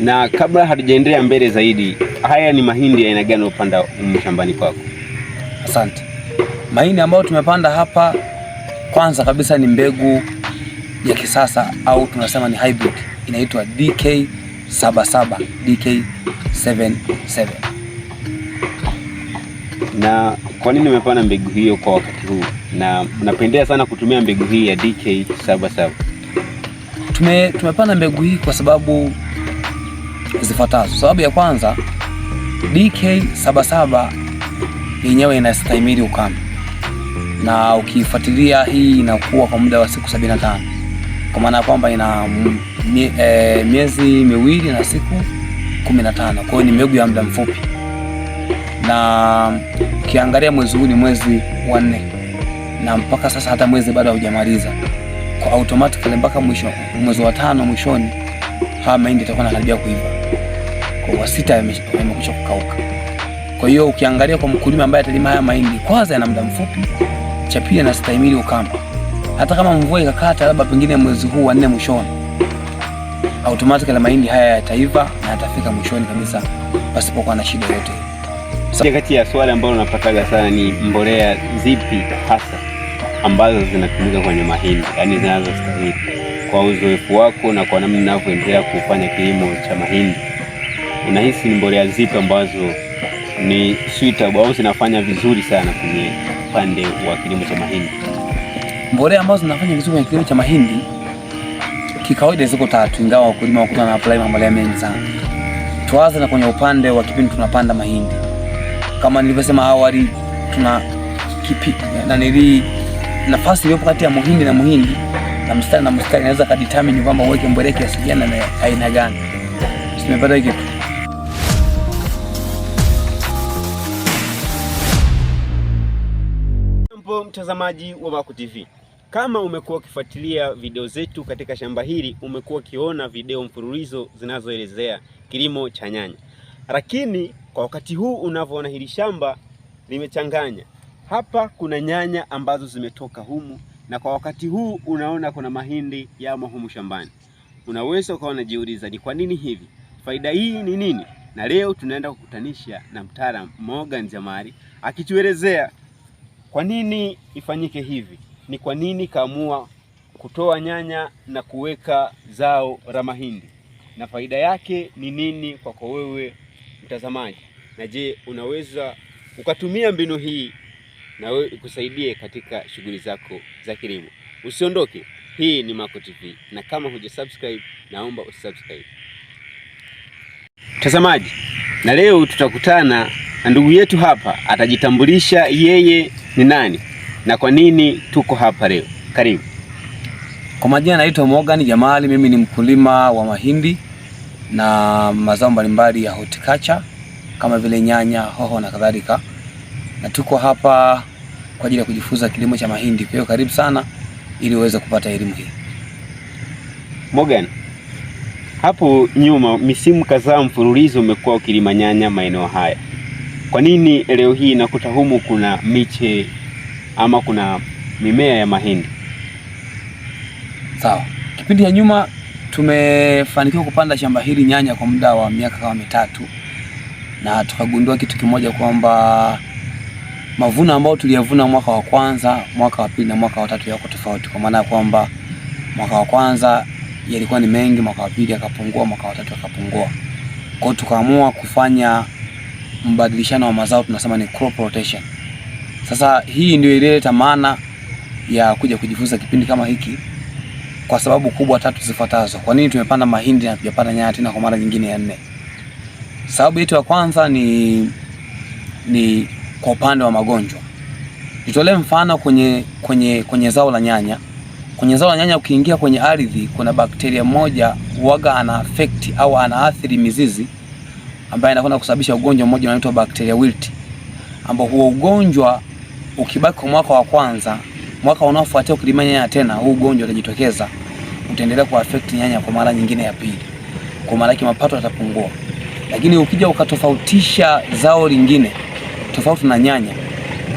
Na kabla hatujaendelea mbele zaidi, haya ni mahindi ya aina gani upanda shambani kwako? Asante. Mahindi ambayo tumepanda hapa, kwanza kabisa ni mbegu ya kisasa au tunasema ni hybrid, inaitwa DK 77 DK 77. Na kwa nini umepanda mbegu hiyo kwa wakati huu na napendea sana kutumia mbegu hii ya DK 77? Tume, tumepanda mbegu hii kwa sababu zifuatazo. Sababu ya kwanza, DK77 yenyewe inastahimili ukame, na ukifuatilia hii inakuwa kwa muda wa siku 75 kwa maana ya kwamba ina mie, e, miezi miwili na siku 15. Kwa hiyo ni mbegu ya muda mfupi, na ukiangalia mwezi huu ni mwezi wa nne na mpaka sasa hata mwezi bado haujamaliza kwa automatically mpaka mwisho mwezi wa tano mwishoni, haya mahindi itakuwa inakaribia kuiva kwa sita yamekwisha kukauka. Kwa hiyo ukiangalia kwa mkulima ambaye atalima haya mahindi, kwanza yana muda mfupi, cha pili anastahimili ukame. Hata kama mvua ikakata labda pengine mwezi huu wa nne mwishoni, automatically mahindi haya yataiva na yatafika mwishoni kabisa pasipokuwa na shida yote. Moja kati ya swali ambalo napataga sana ni mbolea zipi hasa ambazo zinatumika kwenye mahindi, yaani zinazostahili kwa uzoefu wako na kwa namna ninavyoendelea kufanya kilimo cha mahindi unahisi ni mbolea zipi ambazo ni suitable au zinafanya vizuri sana kwenye upande wa kilimo cha mahindi? Mbolea ambazo zinafanya vizuri kwenye kilimo cha mahindi kikawaida ziko tatu, ingawa wakulima wakutana na apply mbolea mengi sana. Tuanze na kwenye upande wa kipindi tunapanda mahindi, kama nilivyosema awali, tuna kipi na nili nafasi iliyopo kati ya muhindi na muhindi na mstari na mstari inaweza kadetermine kwamba uweke mbolea kiasi gani na aina gani. Simepata hiki mtazamaji wa Maco TV, kama umekuwa ukifuatilia video zetu katika shamba hili, umekuwa ukiona video mfululizo zinazoelezea kilimo cha nyanya, lakini kwa wakati huu unavyoona hili shamba limechanganya. Hapa kuna nyanya ambazo zimetoka humu, na kwa wakati huu unaona kuna mahindi yamo humu shambani. Unaweza ukawa unajiuliza ni kwa nini hivi, faida hii ni nini? Na leo tunaenda kukutanisha na mtaalamu Morgan Jamari akituelezea kwa nini ifanyike hivi? Ni kwa nini kaamua kutoa nyanya na kuweka zao la mahindi, na faida yake ni nini kwako wewe mtazamaji? Na je, unaweza ukatumia mbinu hii na wewe ikusaidie katika shughuli zako za kilimo? Usiondoke, hii ni Maco TV, na kama hujasubscribe, naomba usubscribe mtazamaji. Na leo tutakutana na ndugu yetu hapa, atajitambulisha yeye ni nani na kwa nini tuko hapa leo? Karibu. Kwa majina naitwa Morgan Jamali, mimi ni mkulima wa mahindi na mazao mbalimbali ya horticulture kama vile nyanya, hoho na kadhalika, na tuko hapa kwa ajili ya kujifunza kilimo cha mahindi. Kwa hiyo karibu sana ili uweze kupata elimu hii. Morgan, hapo nyuma misimu kadhaa mfululizo umekuwa ukilima nyanya maeneo haya kwa nini leo hii nakuta humu kuna miche ama kuna mimea ya mahindi? Sawa, kipindi ya nyuma tumefanikiwa kupanda shamba hili nyanya kwa muda wa miaka kama mitatu, na tukagundua kitu kimoja kwamba mavuno ambayo tuliyavuna mwaka wa kwanza, mwaka wa pili na mwaka wa tatu yako tofauti, kwa maana ya kwamba mwaka wa kwanza yalikuwa ni mengi, mwaka wa pili yakapungua, mwaka wa tatu yakapungua. Kwa hiyo tukaamua kufanya mbadilishano wa mazao tunasema ni crop rotation. Sasa hii ndio ilileta maana ya kuja kujifunza kipindi kama hiki kwa sababu kubwa tatu zifuatazo. Kwa nini tumepanda mahindi na tujapanda nyanya tena kwa mara nyingine ya nne? Sababu yetu ya kwanza ni ni kwa upande wa magonjwa. Nitolee mfano kwenye kwenye kwenye zao la nyanya. Kwenye zao la nyanya ukiingia kwenye ardhi, kuna bakteria moja huaga ana affect au anaathiri mizizi ambaye anakwenda kusababisha ugonjwa mmoja unaoitwa bacteria wilt, ambao huo ugonjwa ukibaki kwa mwaka wa kwanza, mwaka unaofuatia ukilima nyanya tena, huu ugonjwa utajitokeza, utaendelea kuaffect nyanya kwa mara nyingine ya pili, kwa maana yake mapato yatapungua. Lakini ukija ukatofautisha zao lingine tofauti na nyanya,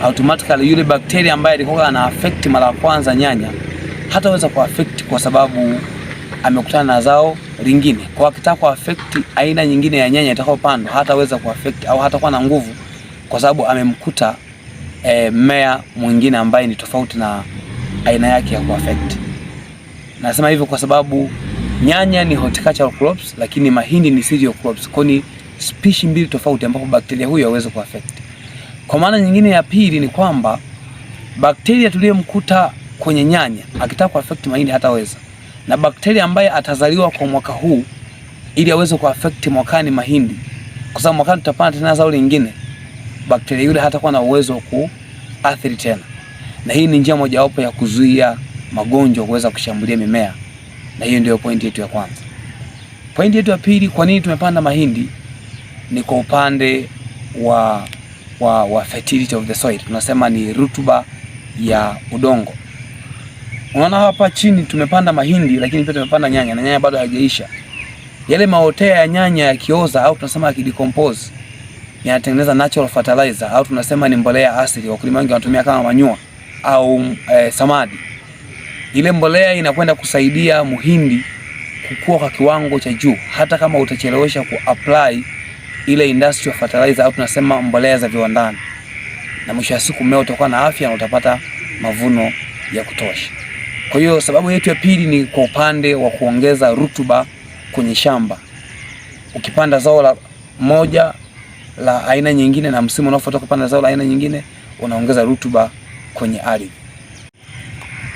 automatically yule bacteria ambaye alikuwa ana affect mara ya kwanza nyanya hataweza kuaffect kwa sababu amekutana na zao lingine, kwa akitaka kuaffect aina nyingine ya nyanya itakayopandwa hataweza kuaffect au hatakuwa na nguvu, kwa sababu amemkuta e, mmea mwingine ambaye ni tofauti na aina yake ya kuaffect. Nasema hivyo kwa sababu nyanya ni horticultural crops, lakini mahindi ni cereal crops, kwa ni species mbili tofauti ambapo bakteria huyo hawezi kuaffect. Kwa maana nyingine ya pili ni kwamba bakteria tuliyemkuta kwenye nyanya akitaka kuaffect mahindi hataweza na bakteria ambaye atazaliwa kwa mwaka huu ili aweze kuaffect mwakani mahindi, kwa sababu mwakani tutapanda tena zao lingine, bakteria yule hatakuwa na uwezo wa kuathiri tena, na hii ni njia mojawapo ya kuzuia magonjwa kuweza kushambulia mimea, na hiyo ndio pointi yetu ya kwanza. Pointi yetu ya pili, kwa nini tumepanda mahindi, ni kwa upande wa, wa, wa fertility of the soil, tunasema ni rutuba ya udongo. Unaona hapa chini tumepanda mahindi lakini pia tumepanda nyanya na nyanya bado hajaisha. Yale maotea ya nyanya yakioza au tunasema yakidecompose yanatengeneza natural fertilizer au tunasema ni mbolea asili, wakulima wengi wanatumia kama manyua au e, samadi. Ile mbolea inakwenda kusaidia muhindi kukua kwa kiwango cha juu, hata kama utachelewesha kuapply ile industrial fertilizer au tunasema mbolea za viwandani, na mwisho wa siku mmea utakuwa na afya na utapata mavuno ya kutosha. Kwa hiyo sababu yetu ya pili ni kwa upande wa kuongeza rutuba kwenye shamba. Ukipanda zao la moja la aina nyingine na msimu unaofuata kupanda zao la aina nyingine, unaongeza rutuba kwenye ardhi.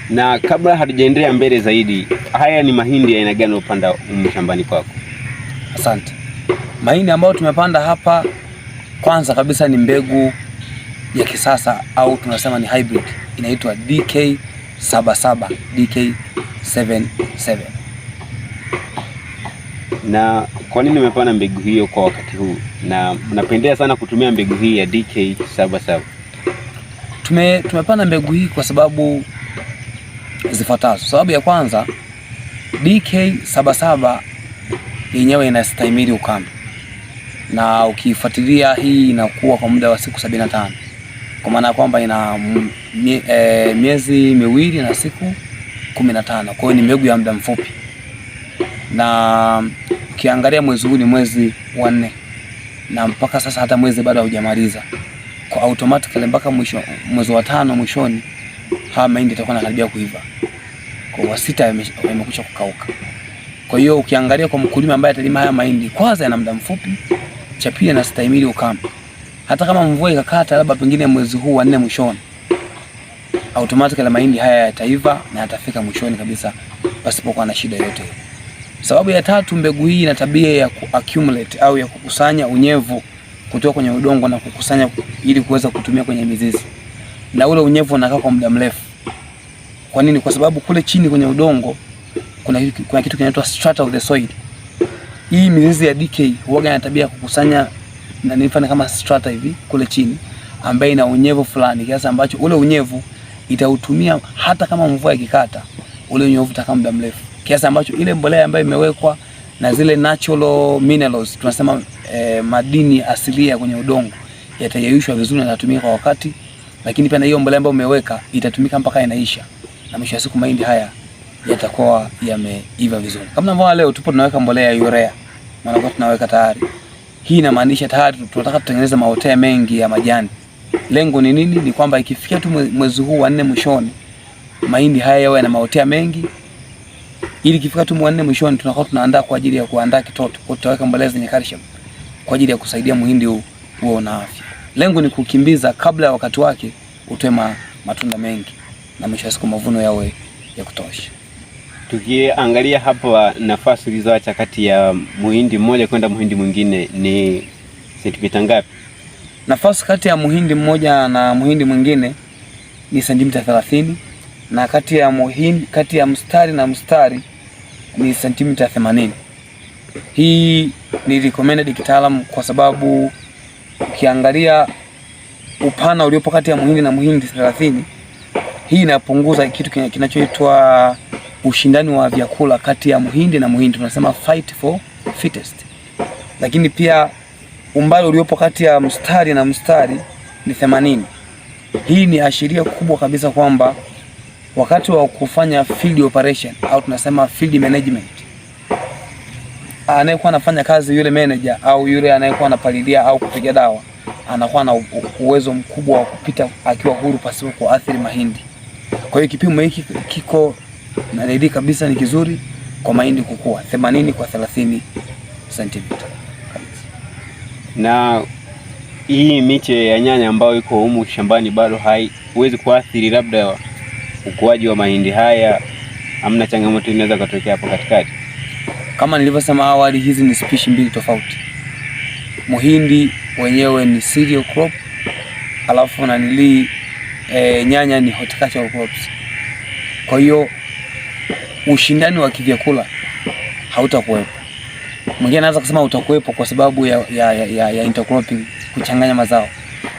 Na kabla hatujaendelea mbele zaidi, haya ni mahindi aina gani upanda shambani kwako? Asante. Mahindi ambayo tumepanda hapa, kwanza kabisa ni mbegu ya kisasa au tunasema ni hybrid, inaitwa DK 77 DK77. Na kwa nini umepanda mbegu hiyo kwa wakati huu na unapendea sana kutumia mbegu hii ya DK77? Tume, tumepanda mbegu hii kwa sababu zifuatazo. Sababu ya kwanza, DK77 yenyewe inastahimili ukame na ukifuatilia hii inakuwa kwa muda wa siku 75 kwa maana ya kwamba ina mie, e, miezi miwili na siku kumi na tano. Kwa hiyo ni mbegu ya muda mfupi, na ukiangalia mwezi huu ni mwezi wa nne na mpaka sasa hata mwezi bado haujamaliza, kwa automatically mpaka mwisho mwezi wa tano mwishoni, haya mahindi yatakuwa yanakaribia kuiva, kwa wa sita yamekwisha kukauka. Kwa hiyo ukiangalia kwa mkulima ambaye atalima haya mahindi, kwanza yana muda mfupi, cha pili anastahimili ukame hata kama mvua ikakata labda pengine mwezi huu wa nne mwishoni, automatically mahindi haya yataiva na yatafika mwishoni kabisa pasipokuwa na shida yote. Sababu ya tatu, mbegu hii ina tabia ya accumulate au ya kukusanya unyevu kutoka kwenye udongo na kukusanya ili kuweza kutumia kwenye mizizi, na ule unyevu unakaa kwa muda mrefu. Kwa nini? Kwa sababu kule chini kwenye udongo kuna, kuna kitu kinaitwa strata of the soil. Hii mizizi ya DK huwaga ina tabia ya kukusanya na nifanye kama strata hivi kule chini, ambaye ina unyevu fulani kiasi ambacho ule unyevu itautumia hata kama mvua ikikata, ule unyevu utakaa muda mrefu kiasi ambacho ile mbolea ambayo imewekwa na zile natural minerals tunasema eh, madini asilia kwenye udongo yatayeyushwa vizuri na yatatumika kwa wakati, lakini pia na hiyo mbolea ambayo umeweka itatumika mpaka inaisha, na mwisho wa siku mahindi haya yatakuwa yameiva vizuri. Kama ambavyo leo tupo tunaweka mbolea ya urea, maana tunaweka tayari hii inamaanisha tayari tunataka tutengeneze mahoteli mengi ya majani. Lengo ni nini? Ni kwamba ikifikia tu mwezi huu wa nne mwishoni, mahindi haya yawe na mahoteli mengi, ili ikifika tu mwanne mwishoni, tunakuwa tunaandaa kwa ajili ya kuandaa kitoto, kwa tutaweka mbolea zenye calcium kwa ajili ya kusaidia muhindi huu huo na afya. Lengo ni kukimbiza kabla ya wakati wake utoe matunda mengi na mwisho wa siku mavuno yawe ya kutosha. Tukiangalia hapa uh, nafasi ulizoacha kati ya muhindi mmoja kwenda muhindi mwingine ni sentimita ngapi? Nafasi kati ya muhindi mmoja na muhindi mwingine ni sentimita thelathini na kati ya muhindi, kati ya mstari na mstari ni sentimita themanini. Hii ni recommended kitaalamu kwa sababu ukiangalia upana uliopo kati ya muhindi na muhindi thelathini, hii inapunguza kitu kinachoitwa ushindani wa vyakula kati ya muhindi na muhindi tunasema fight for fittest. Lakini pia umbali uliopo kati ya mstari na mstari ni 80. Hii ni ashiria kubwa kabisa kwamba wakati wa kufanya field operation au tunasema field management, anayekuwa anafanya kazi yule manager au yule anayekuwa anapalilia au kupiga dawa anakuwa na uwezo mkubwa wa kupita akiwa huru pasipo kuathiri mahindi. Kwa hiyo kipimo hiki kiko na redi kabisa ni kizuri kwa mahindi kukua 80 kwa 30 cm. Na hii miche ya nyanya ambayo iko humu shambani bado hai huwezi kuathiri labda ukuaji wa mahindi haya, amna changamoto inaweza kutokea hapo katikati. Kama nilivyosema awali, hizi ni spishi mbili tofauti. Muhindi wenyewe ni cereal crop, alafu nili e, eh, nyanya ni horticultural crops. Kwa hiyo ushindani wa kivyakula hautakuwepo. Mwingine anaweza kusema utakuwepo kwa sababu ya, ya, ya, ya intercropping kuchanganya mazao,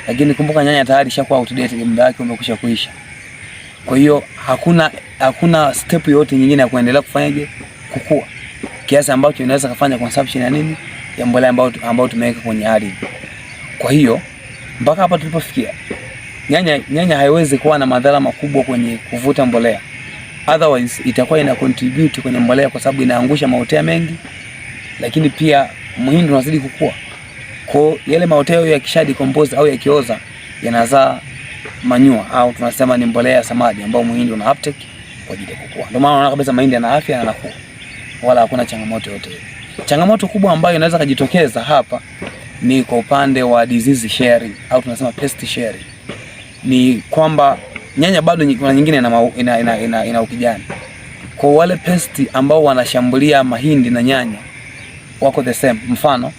lakini kumbuka nyanya tayari ishakuwa outdated, muda wake umekwisha kuisha. Kwa hiyo hakuna hakuna step yoyote nyingine ya kuendelea kufanyaje kukua kiasi ambacho inaweza kufanya consumption ya nini ya mbolea ambayo ambayo tumeweka kwenye ardhi. Kwa hiyo mpaka hapa tulipofikia, nyanya nyanya haiwezi kuwa na madhara makubwa kwenye kuvuta mbolea otherwise itakuwa ina contribute kwenye mbolea kwa sababu inaangusha maotea mengi, lakini pia mhindi unazidi kukua. Kwa yale maotea hayo yakisha decompose au yakioza yanazaa manyua au tunasema ni mbolea ya samadi ambayo mhindi una uptake kwa ajili ya kukua. Ndio maana unaona kabisa mahindi yana afya na yanakua. Wala hakuna changamoto yote. Changamoto kubwa ambayo inaweza kujitokeza hapa ni kwa upande wa disease sharing au tunasema pest sharing. Ni kwamba nyanya bado kuna nyingine ina, ina, ina, ina, ina ukijani. Kwa wale pesti ambao wanashambulia mahindi na nyanya wako the same. Mfano,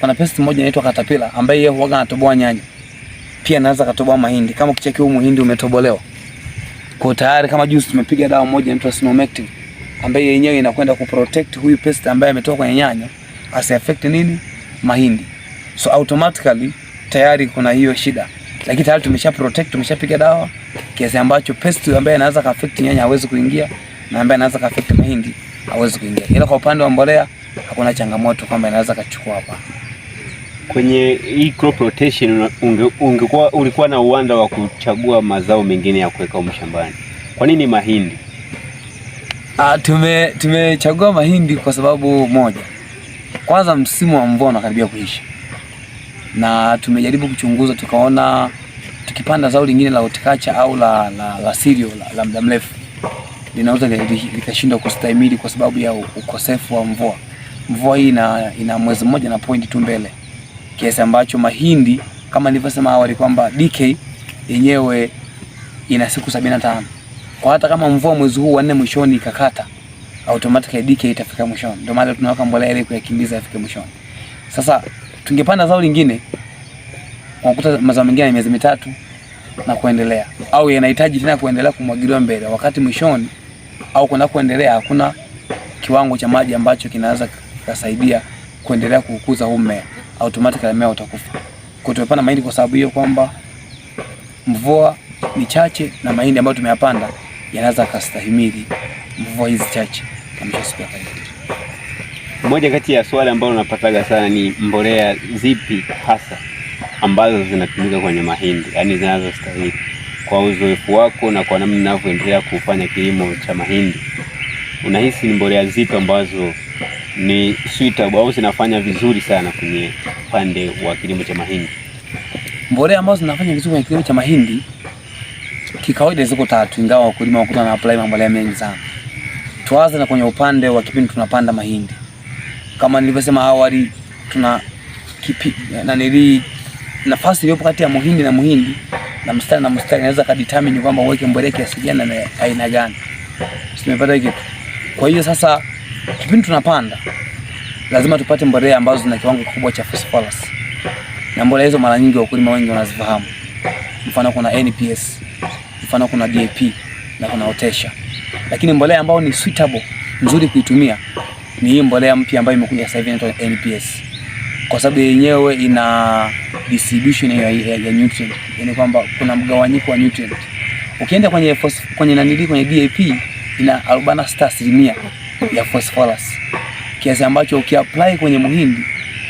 kuna pesti moja inaitwa katapila ambaye yeye huaga anatoboa nyanya, pia anaweza katoboa mahindi. Kama ukicheki huu muhindi umetobolewa kwa tayari, kama juice tumepiga dawa moja inaitwa sinomectin ambaye yenyewe inakwenda kuprotect huyu pesti ambaye ametoka kwenye nyanya asiaffect nini mahindi, so automatically tayari kuna hiyo shida lakini tayari tumesha protect, tumeshapiga dawa kiasi ambacho pest ambaye anaweza ka affect nyanya hawezi kuingia na ambaye anaweza ka affect mahindi hawezi kuingia. Ila kwa upande wa mbolea hakuna changamoto kwamba inaweza kachukua hapa. Kwenye hii crop rotation ungekuwa ulikuwa na uwanda wa kuchagua mazao mengine ya kuweka mshambani. Kwa nini mahindi? Ah, tume tumechagua mahindi kwa sababu moja. Kwanza msimu wa mvua unakaribia kuisha na tumejaribu kuchunguza tukaona tukipanda zao lingine la otikacha au la, la, la sirio la, la muda mrefu linaweza likashindwa kustahimili kwa sababu ya ukosefu wa mvua. Mvua hii ina, ina mwezi mmoja na pointi tu mbele, kiasi ambacho mahindi kama nilivyosema awali kwamba DK yenyewe ina siku sabini na tano kwa hata kama mvua mwezi huu wa nne mwishoni ikakata, automatically DK itafika mwishoni. Ndio maana tunaweka mbolea ile kuyakimbiza afike mwishoni. Sasa tungepanda zao lingine, unakuta mazao mengine ya miezi mitatu na kuendelea, au yanahitaji tena kuendelea kumwagiliwa mbele, wakati mwishoni au kuna kuendelea hakuna kiwango cha maji ambacho kinaweza kusaidia kuendelea kukuza huu mmea, automatically mmea utakufa. Kwa tumepanda mahindi kwa sababu hiyo kwamba mvua ni chache na mahindi ambayo tumeyapanda yanaweza kustahimili mvua hizi chache. siku ya moja kati ya swali ambalo napataga sana ni mbolea zipi hasa ambazo zinatumika kwenye mahindi, yaani zinazostahili. Kwa uzoefu wako na kwa namna unavyoendelea kufanya kilimo cha mahindi, unahisi ni mbolea zipi ambazo ni suitable au zinafanya vizuri sana kwenye upande wa kilimo cha mahindi? Mbolea ambazo zinafanya vizuri kwenye kilimo cha mahindi kikawaida ziko tatu, ingawa wakulima wakuta na apply mbolea mengi sana. Tuanze na kwenye upande wa kipindi tunapanda mahindi kama nilivyosema awali, tuna kipi na nili nafasi iliyopo kati ya muhindi na muhindi na mstari na mstari, naweza kadetermine kwamba uweke mbolea kiasi gani na aina gani. Tumepata hiki. Kwa hiyo sasa, kipindi tunapanda lazima tupate mbolea ambazo zina kiwango kikubwa cha phosphorus, na mbolea hizo mara nyingi wakulima wengi wanazifahamu. Mfano kuna NPS, mfano kuna DAP na kuna Otesha, lakini mbolea ambayo ni suitable nzuri kuitumia ni hii mbolea mpya ambayo imekuja sasa hivi inaitwa NPS, kwa sababu yenyewe ina distribution ya, ya, ya nutrient, yani kwamba kuna mgawanyiko wa nutrient. Ukienda kwenye fos, kwenye nanili kwenye DAP ina 46% ya phosphorus, kiasi ambacho ukiapply kwenye muhindi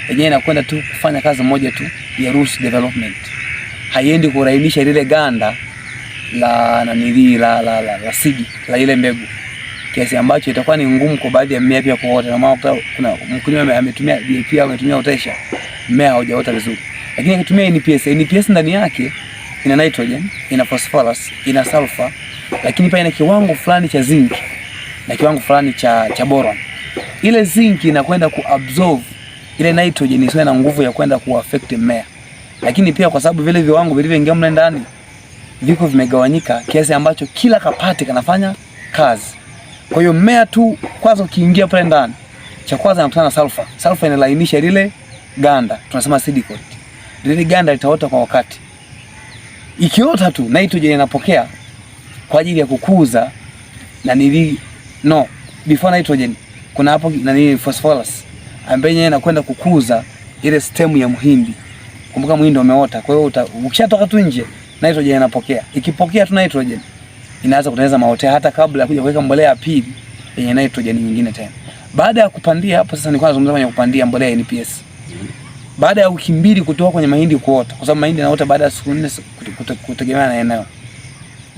yenyewe inakwenda tu kufanya kazi moja tu ya root development, haiendi kurainisha lile ganda la nanili la, la, la, la, la sidi la ile mbegu kiasi ambacho itakuwa ni ngumu kwa baadhi ya mimea pia kuota, na maana kuna mkulima ametumia DAP au ametumia utasha mmea haujaota vizuri, lakini akitumia NPS, NPS ndani yake ina nitrogen, ina phosphorus, ina sulfur, lakini pia ina kiwango fulani cha zinc na kiwango fulani cha cha boron. Ile zinc inakwenda kuabsorb ile nitrogen, isiwe na nguvu ya kwenda kuaffect mmea, lakini pia kwa sababu vile viwango vilivyoingia mle ndani viko vimegawanyika kiasi ambacho kila kapati kanafanya kazi. Kwa hiyo mmea tu kwanza ukiingia pale ndani, cha kwanza anakutana na sulfa. Sulfa inalainisha lile ganda, tunasema seed coat. Lile ganda litaota kwa wakati. Ikiota tu nitrogen inapokea kwa ajili ya kukuza na nili no before nitrogen kuna hapo na nili phosphorus ambaye yeye anakwenda kukuza ile stem ya mhindi. Kumbuka mhindi umeota. Kwa hiyo ukishatoka tu nje nitrogen inapokea. Ikipokea tu nitrogen inaanza kutengeneza maote hata kabla ya kuja kuweka mbolea ya pili yenye nitrogen nyingine tena. Baada ya kupandia hapo sasa nilikuwa nazungumza kwenye kupandia mbolea ya NPS. Baada ya wiki mbili kutoka kwenye mahindi kuota kwa sababu mahindi yanaota baada ya siku nne kutegemea na eneo.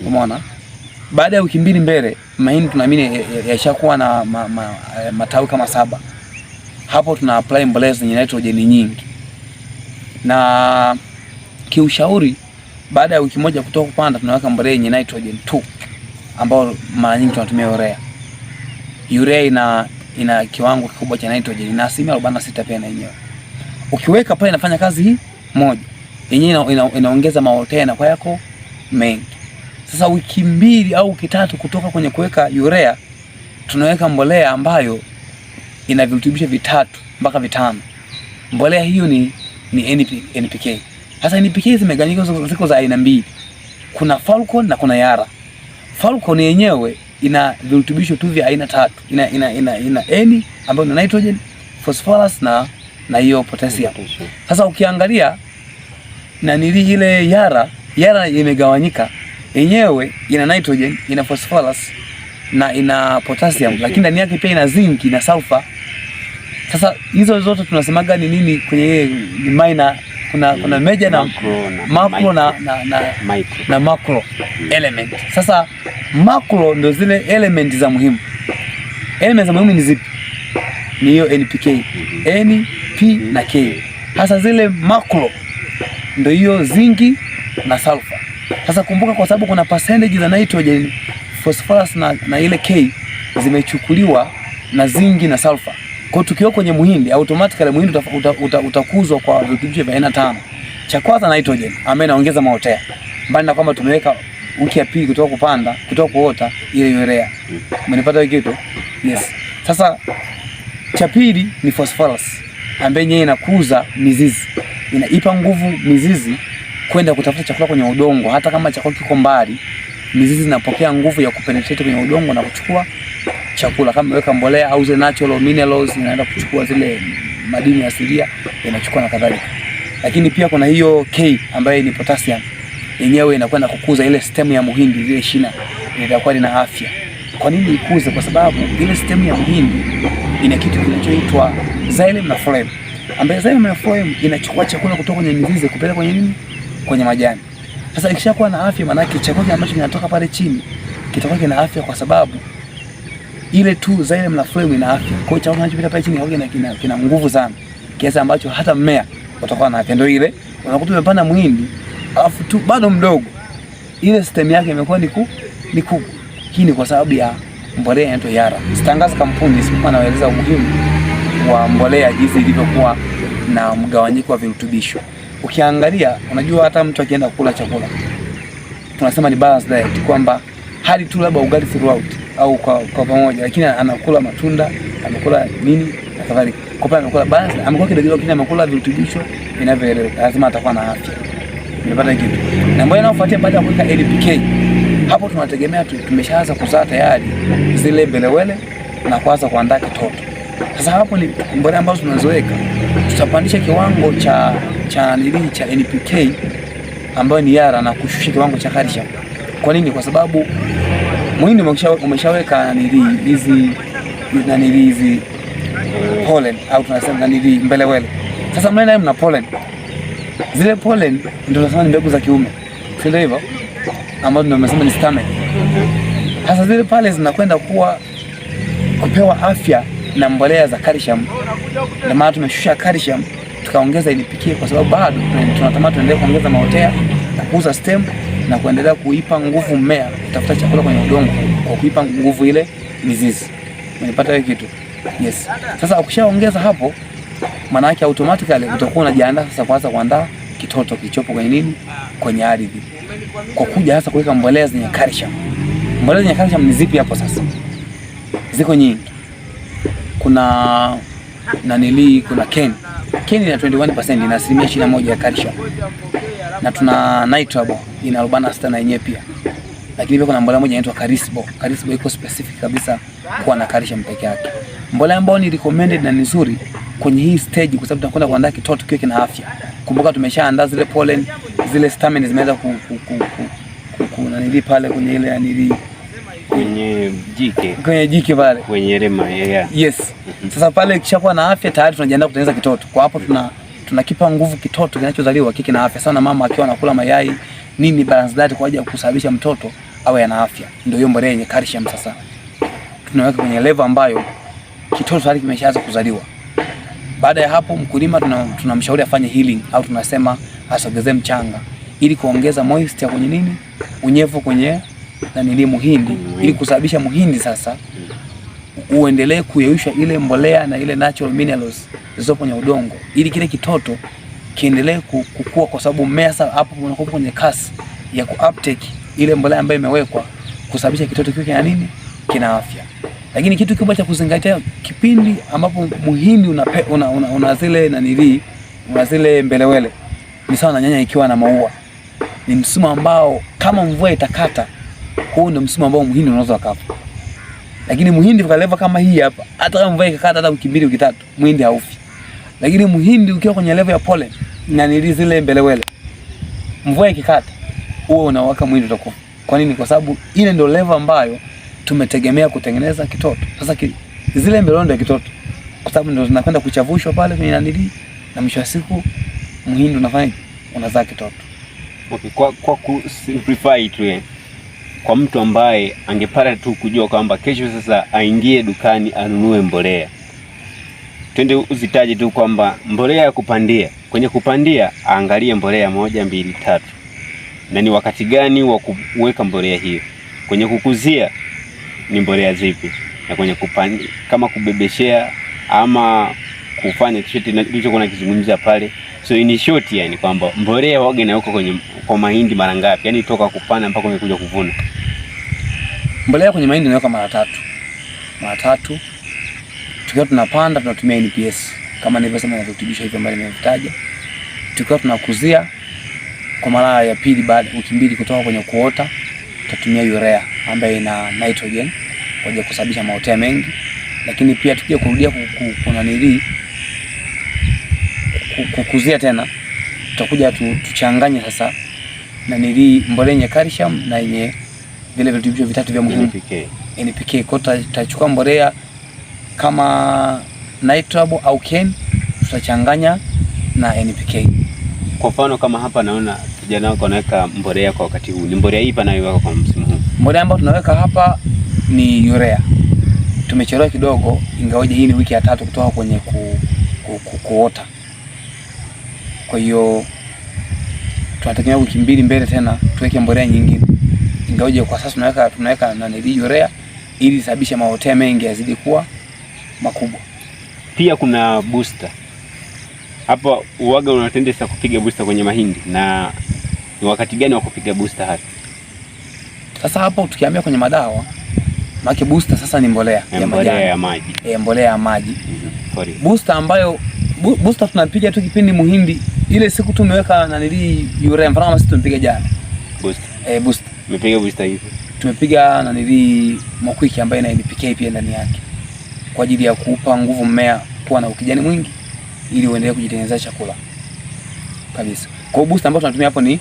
Umeona? Baada ya wiki mbili mbele mahindi tunaamini yashakuwa na ma, ma, eh, matawi kama saba. Hapo tuna apply mbolea zenye nitrogen nyingi. Na kiushauri baada ya wiki moja kutoka kupanda, tunaweka mbolea yenye nitrogen 2 ambayo mara nyingi tunatumia urea. Urea ina ina kiwango kikubwa cha nitrogen na asilimia 46 pia na yenyewe. Ukiweka pale inafanya kazi hii moja. Yenyewe ina, ina, inaongeza ina maotea na kwa yako mengi. Sasa wiki mbili au wiki tatu kutoka kwenye kuweka urea tunaweka mbolea ambayo ina virutubisho vitatu mpaka vitano. Mbolea hiyo ni ni NPK. Sasa nipikie hizi mechanical ziko za aina mbili. Kuna Falcon na kuna Yara. Falcon yenyewe ina virutubisho tu vya aina tatu. Ina ina ina, ina N ambayo ni nitrogen, phosphorus na na hiyo potassium. Sasa ukiangalia na nili ile Yara, Yara imegawanyika. Yenyewe ina nitrogen, ina phosphorus na ina potassium, lakini ndani yake pia ina zinc na sulfur. Sasa hizo zote tunasemaga ni nini kwenye minor kuna, eh, kuna major na macro na, na, na, na, na macro hmm. element. Sasa macro ndo zile element za muhimu. Element za muhimu ni zipi? Ni hiyo NPK hmm. N, P na K. Sasa zile macro ndo hiyo zingi na sulfur. Sasa kumbuka, kwa sababu kuna percentage za nitrogen, phosphorus na, na ile K zimechukuliwa na zingi na sulfur kwa tukiwa kwenye muhindi automatically muhindi utakuzwa uta, uta, uta kwa virutubisho vya aina tano. Cha kwanza nitrogen ambaye inaongeza maotea. Mbali na kwamba tumeweka wiki ya pili kutoka kupanda, kutoka kuota ile urea. Umenipata hiyo kitu? Yes. Sasa cha pili ni phosphorus ambaye yeye inakuza mizizi. Inaipa nguvu mizizi kwenda kutafuta chakula kwenye udongo hata kama chakula kiko mbali. Mizizi inapokea nguvu ya kupenetrate kwenye udongo na kuchukua chakula, kama weka mbolea au zile natural minerals, inaenda kuchukua zile madini asilia inachukua na kadhalika. Lakini pia kuna hiyo K ambayo ni potassium, yenyewe inakwenda kukuza ile stem ya muhindi, zile shina litakuwa lina afya. Kwa nini ikuze? Kwa sababu ile stem ya muhindi ina kitu kinachoitwa xylem na phloem, ambayo xylem na phloem inachukua chakula kutoka kwenye mizizi kupeleka kwenye nini, kwenye majani. Sasa ikishakuwa na afya, maanake chakula ambacho kinatoka pale chini kitakuwa kina afya kwa sababu ile tu xylem na flame ina afya. Kwa hiyo chakula kinachopita pale chini haoga kina, kina nguvu sana kiasi ambacho hata mmea utakuwa na afya. Ndio ile unakuta umepanda muhindi alafu tu bado mdogo, ile stem yake imekuwa ni ku ni ku. Hii ni kwa sababu ya mbolea inaitwa Yara. Sitangaza kampuni, isipokuwa naeleza umuhimu wa mbolea jinsi ilivyokuwa na mgawanyiko wa virutubisho. Ukiangalia unajua, hata mtu akienda kula chakula tunasema ni balanced diet, kwamba hali tu labda ugali throughout au kwa, kwa pamoja, lakini anakula matunda, amekula nini na kadhalika. Kwa pale anakula basi, amekuwa kidogo, lakini amekula virutubisho vinavyoeleweka, lazima atakuwa na afya. Nimepata kitu na mbona inayofuatia baada ya kuweka LPK, hapo tunategemea tumeshaanza kuzaa tayari zile mbelewele na kuanza kuandaa kitoto. Sasa hapo ni mbolea ambazo tunazoweka, tutapandisha kiwango cha cha nili cha NPK ambayo ni yara na kushusha kiwango cha karisha. Kwa nini? Kwa sababu Mwini umeshaweka hizi nanili hizi pollen au tunasema nanili mbelewele. Sasa mle mna pollen, zile pollen ndio tunasema ni mbegu za kiume, si ndio hivyo? Ambazo ndio umesema ni stamen. Sasa zile pale zinakwenda kuwa kupewa afya na mbolea za calcium, na maana tumeshusha calcium tukaongeza ilipikie, kwa sababu bado tunatamani tuendelee kuongeza maotea na kuuza stem na kuendelea kuipa nguvu mmea kutafuta chakula kwenye udongo kwa kuipa nguvu ile mizizi. Unapata hiyo kitu. Yes. Sasa ukishaongeza hapo maana yake automatically utakuwa unajiandaa sasa kwanza kuandaa kitoto kilichopo kwenye nini? Kwenye ardhi. Kwa kuja hasa kuweka mbolea zenye calcium. Mbolea zenye calcium ni zipi hapo sasa? Ziko nyingi. Kuna nanili, kuna ken. Ken ina 21%, ina asilimia 21 ya calcium na tuna Nitrabo ina arobaini na sita na yenyewe pia, lakini pia kuna mbolea moja inaitwa Karisbo. Karisbo iko specific kabisa kwa na calcium peke yake, mbolea ambayo ni recommended na nzuri kwenye hii stage, kwa sababu tunakwenda kuandaa kitoto kiwe kina afya. Kumbuka tumeshaandaa zile pollen, zile stamen zimeweza ku, ku, ku, ku, ku ku, nanili pale kwenye ile anili kwenye jike kwenye jike pale kwenye rema yeah. Yes, mm-hmm. sasa pale kishakuwa na afya tayari tunajiandaa kutengeneza kitoto. Kwa hapo tuna tunakipa nguvu kitoto kinachozaliwa kike na afya sana. Mama akiwa anakula mayai nini, balance diet kwa ajili ya kusababisha mtoto awe ana afya, ndio hiyo mbolea yenye calcium. Sasa tunaweka kwenye level ambayo kitoto tayari kimeshaanza kuzaliwa. Baada ya hapo, mkulima tunamshauri tuna afanye healing au tunasema asogezee mchanga ili kuongeza moisture kwenye nini, unyevu kwenye na nili muhindi, ili kusababisha muhindi sasa uendelee kuyeyusha ile mbolea na ile natural minerals zilizo kwenye udongo, ili kile kitoto kiendelee kukua, kwa sababu mmea sasa hapo unakuwa kwenye kasi ya ku uptake ile mbolea ambayo imewekwa kusababisha kitoto kiwe kina nini, kina afya. Lakini kitu kikubwa cha kuzingatia kipindi ambapo muhindi una, una, una, una zile nanili una zile mbelewele, ni sawa na nyanya ikiwa na maua. Ni msimu ambao kama mvua itakata, huu ndio msimu ambao muhindi unaweza kafa. Lakini muhindi ukaleva kama hii hapa, hata kama mvua ikakata hata wiki mbili wiki tatu, muhindi haufi. Lakini muhindi ukiwa kwenye level ya pole na nili zile mbelewele, mvua ikikata, uwe unawaka muhindi utakufa. Kwa nini? Kwa sababu ile ndio level ambayo tumetegemea kutengeneza kitoto. Sasa ki, zile mbelewele ndio kitoto, kwa sababu ndio zinakwenda kuchavushwa pale kwenye nanili, na mwisho wa siku muhindi unafanya unazaa kitoto. Okay, kwa, kwa kusimplify tu kwa mtu ambaye angepata tu kujua kwamba kesho sasa aingie dukani anunue mbolea. Twende uzitaje tu kwamba mbolea ya kupandia, kwenye kupandia aangalie mbolea moja, mbili, tatu, na ni wakati gani wa kuweka mbolea hiyo. Kwenye kukuzia ni mbolea zipi, na kwenye kupandi, kama kubebeshea ama kufanya chochote kilichokuwa nakizungumza pale. So in short, yani kwamba mbolea waga na uko kwenye kwa mahindi mara ngapi? Yaani toka kupanda mpaka umekuja kuvuna. Mbolea kwenye mahindi naweka mara tatu. Mara tatu. Tukiwa tunapanda tunatumia NPS kama nilivyosema na virutubisho hivyo ambavyo nimevitaja. Tukiwa tunakuzia kwa mara ya pili baada wiki mbili kutoka kwenye kuota tutatumia urea ambayo ina nitrogen kwa ajili kusababisha maotea mengi, lakini pia tukija kurudia kuna nili kukuzia tena tutakuja tuchanganye sasa na nili mbolea yenye calcium na yenye vile virutubisho vitatu vya muhimu NPK. NPK kwa tutachukua mbolea kama nitrate au ken tutachanganya na NPK. Kwa mfano kama hapa naona kijana wako anaweka mbolea kwa wakati huu, ni mbolea ipi anayoweka kwa msimu huu? Mbolea ambayo tunaweka hapa ni urea. Tumechelewa kidogo, ingawaje hii ni wiki ya tatu kutoka kwenye ku, ku, ku, kuota. Kwa hiyo tunategemea wiki mbili mbele tena tuweke mbolea nyingine, ingawaje kwa sasa tunaweka tunaweka na nili urea ili sababisha maotea mengi yazidi kuwa makubwa. Pia kuna booster hapa. Uwaga unatende sasa kupiga booster kwenye mahindi, na ni wakati gani wa kupiga booster hasa? Sasa hapo tukiambia kwenye madawa maana booster sasa ni mbolea ya mbolea ya maji, e, mbolea ya maji. Mm -hmm. Booster ambayo booster tunapiga tu kipindi muhindi ile siku tumeweka nimeweka nanili yure mfano kama sisi tumpiga jana boost eh boost tumepiga boost hivi tumepiga nanili mokwiki ambaye na NPK pia ndani yake kwa ajili ya kuupa nguvu mmea kuwa na ukijani mwingi ili uendelee kujitengeneza chakula kabisa. Kwa boost ambayo tunatumia hapo ni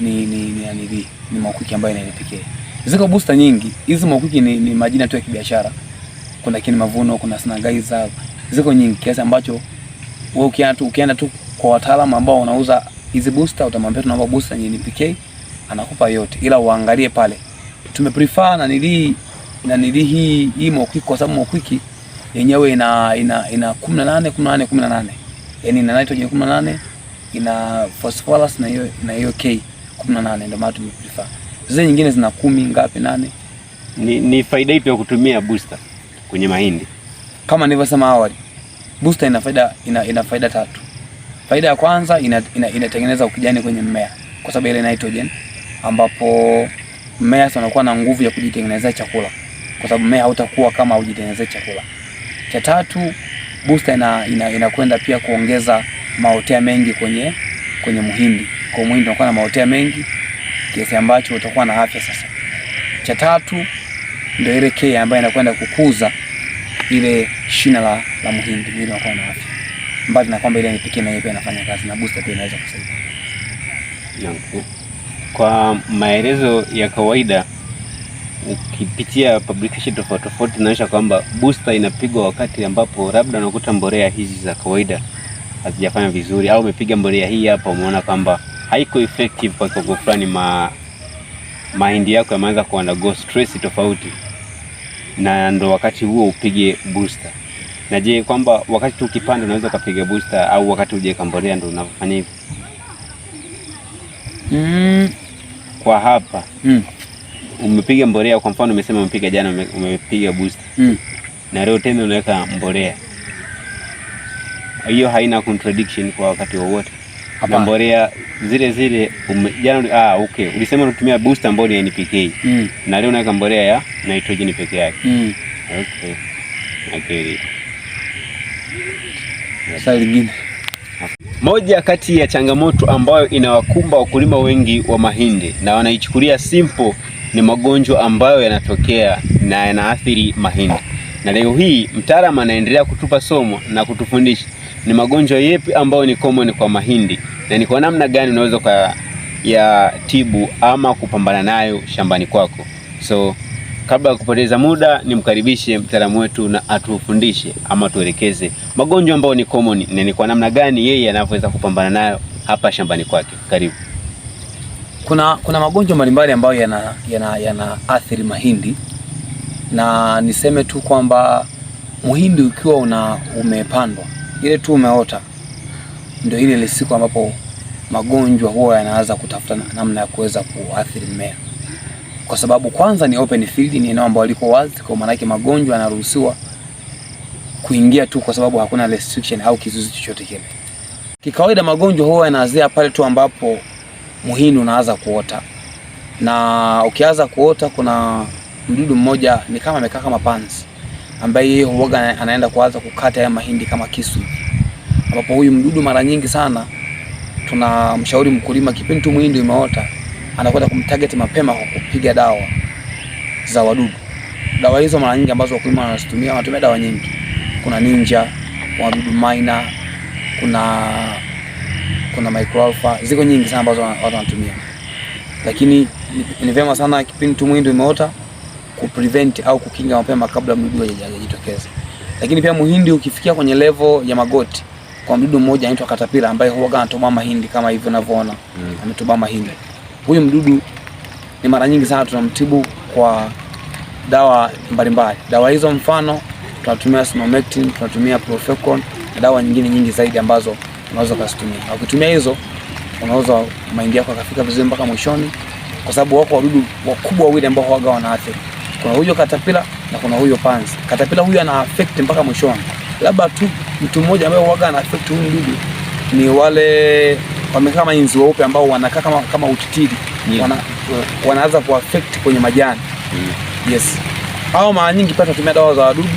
ni ni ni nanili ni mokwiki ambayo ina NPK. Ziko booster nyingi. Hizi mokwiki ni, ni majina tu ya kibiashara. Kuna kini mavuno, kuna snagaiza. Ziko nyingi kiasi ambacho wewe ukienda tu ukienda tu kwa wataalamu ambao wanauza hizi booster, utamwambia tunaomba booster yenye NPK, anakupa yote, ila uangalie pale. Tume prefer na nili na nili hii hii Mokwiki kwa sababu Mokwiki yenyewe ina ina ina 18 18 18, yani ina nitrogen 18 ina phosphorus na hiyo na hiyo K 18, ndio maana tume prefer. Zile nyingine zina kumi ngapi nane. Ni, ni faida ipi ya kutumia booster kwenye mahindi? Kama nilivyosema awali, booster ina faida ina, ina faida tatu. Faida ya kwanza inatengeneza ina, ina ukijani kwenye mmea kwa sababu ile nitrogen, ambapo mmea sasa unakuwa na nguvu ya kujitengenezea chakula kwa sababu mmea hautakuwa kama hujitengenezea chakula. Cha tatu, booster ina inakwenda ina pia kuongeza maotea mengi kwenye kwenye muhindi. Kwa muhindi unakuwa na maotea mengi kiasi ambacho utakuwa na afya sasa. Cha tatu ndio ile K ambayo inakwenda kukuza ile shina la, la muhindi ili unakuwa na afya mbali na kwamba ile nipikie na pia inafanya kazi na booster pia inaweza kusaidia. Kwa maelezo ya kawaida, ukipitia publication tofauti tofauti inaonyesha kwamba booster inapigwa wakati ambapo labda unakuta mbolea hizi za kawaida hazijafanya vizuri, au umepiga mbolea hii hapa, umeona kwamba haiko effective kwa kiwango fulani, ma mahindi yako yameanza ku undergo stress tofauti, na ndo wakati huo upige booster. Na je, kwamba wakati tu ukipanda unaweza ukapiga booster au wakati hujaweka mbolea ndio unafanya hivyo? Mm. Kwa hapa mm. umepiga mbolea kwa mfano, umesema umepiga jana umepiga booster mm. na leo tena unaweka mbolea hiyo haina contradiction kwa wakati wowote na mbolea zile zile ume, jana, ah, okay. Ulisema unatumia booster ambayo ni NPK mm. na leo unaweka mbolea ya nitrogen peke yake mm. okay. Okay lingine moja kati ya changamoto ambayo inawakumba wakulima wengi wa mahindi na wanaichukulia simple ni magonjwa ambayo yanatokea na yanaathiri mahindi. Na leo hii mtaalamu anaendelea kutupa somo na kutufundisha ni magonjwa yepi ambayo ni common kwa mahindi na ni kwa namna gani unaweza tibu ama kupambana nayo shambani kwako. So Kabla ya kupoteza muda, nimkaribishe mtaalamu wetu na atufundishe ama tuelekeze magonjwa ambayo ni common na ni kwa namna gani yeye anavyoweza kupambana nayo hapa shambani kwake. Karibu. Kuna, kuna magonjwa mbalimbali ambayo yana, yana, yana mahindi na niseme tu kwamba muhindi ukiwa una umepandwa ile tu umeota, ndio ile ile siku ambapo magonjwa huwa yanaanza kutafuta namna ya kuweza kuathiri mmea kwa sababu kwanza ni open field, ni eneo ambalo liko wazi, kwa maana yake magonjwa yanaruhusiwa kuingia tu, kwa sababu hakuna restriction au kizuizi chochote kile. Kikawaida magonjwa huwa yanaanzia pale tu ambapo muhindi unaanza kuota, na ukianza kuota, kuna mdudu mmoja ni kama amekaa kama panzi, ambaye yeye huoga anaenda kuanza kukata ya mahindi kama kisu, ambapo huyu mdudu mara nyingi sana tunamshauri mkulima kipindi tu muhindi umeota anakwenda kumtarget mapema kwa kupiga dawa za wadudu. Dawa hizo mara nyingi ambazo wakulima wanazitumia, wanatumia dawa nyingi. Kuna Ninja, kuna wadudu minor, kuna kuna microalpha, ziko nyingi sana ambazo watu wanatumia, lakini ni vyema sana kipindi tu mwindo imeota ku prevent au kukinga mapema kabla mdudu hajajitokeza. Lakini pia muhindi ukifikia kwenye level ya magoti, kwa mdudu mmoja anaitwa katapila ambaye huwa anatoboa mahindi kama hivyo unavyoona, mm. ametoboa mahindi Huyu mdudu ni mara nyingi sana tunamtibu kwa dawa mbalimbali. Dawa hizo mfano tunatumia Simamectin, tunatumia Profecon na dawa nyingine nyingi zaidi ambazo unaweza kuzitumia. Ukitumia hizo unaweza maingi yako yakafika vizuri mpaka mwishoni, kwa sababu wako wadudu wakubwa wawili ambao huaga wanaathiri. Kuna huyo katapila na kuna huyo panzi. Katapila huyo ana affect mpaka mwishoni, labda tu mtu mmoja ambaye huaga ana affect huyu mdudu ni wale wamekaa kama inzi weupe ambao wanakaa kama, kama utitiri yeah. Mm. Wana, wanaanza kuaffect kwenye majani yeah. Mm. Yes, hao mara nyingi pia tunatumia dawa za wadudu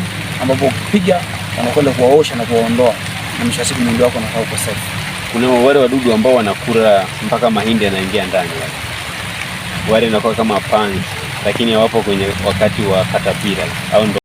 ambapo ukipiga wanakwenda kuwaosha na kuwaondoa, na mwisho wa siku mwili wako unakaa uko safi. Kuna wale wadudu ambao wanakula mpaka mahindi yanaingia ndani, wale wanakuwa kama panzi, lakini hawapo kwenye wakati wa katapira au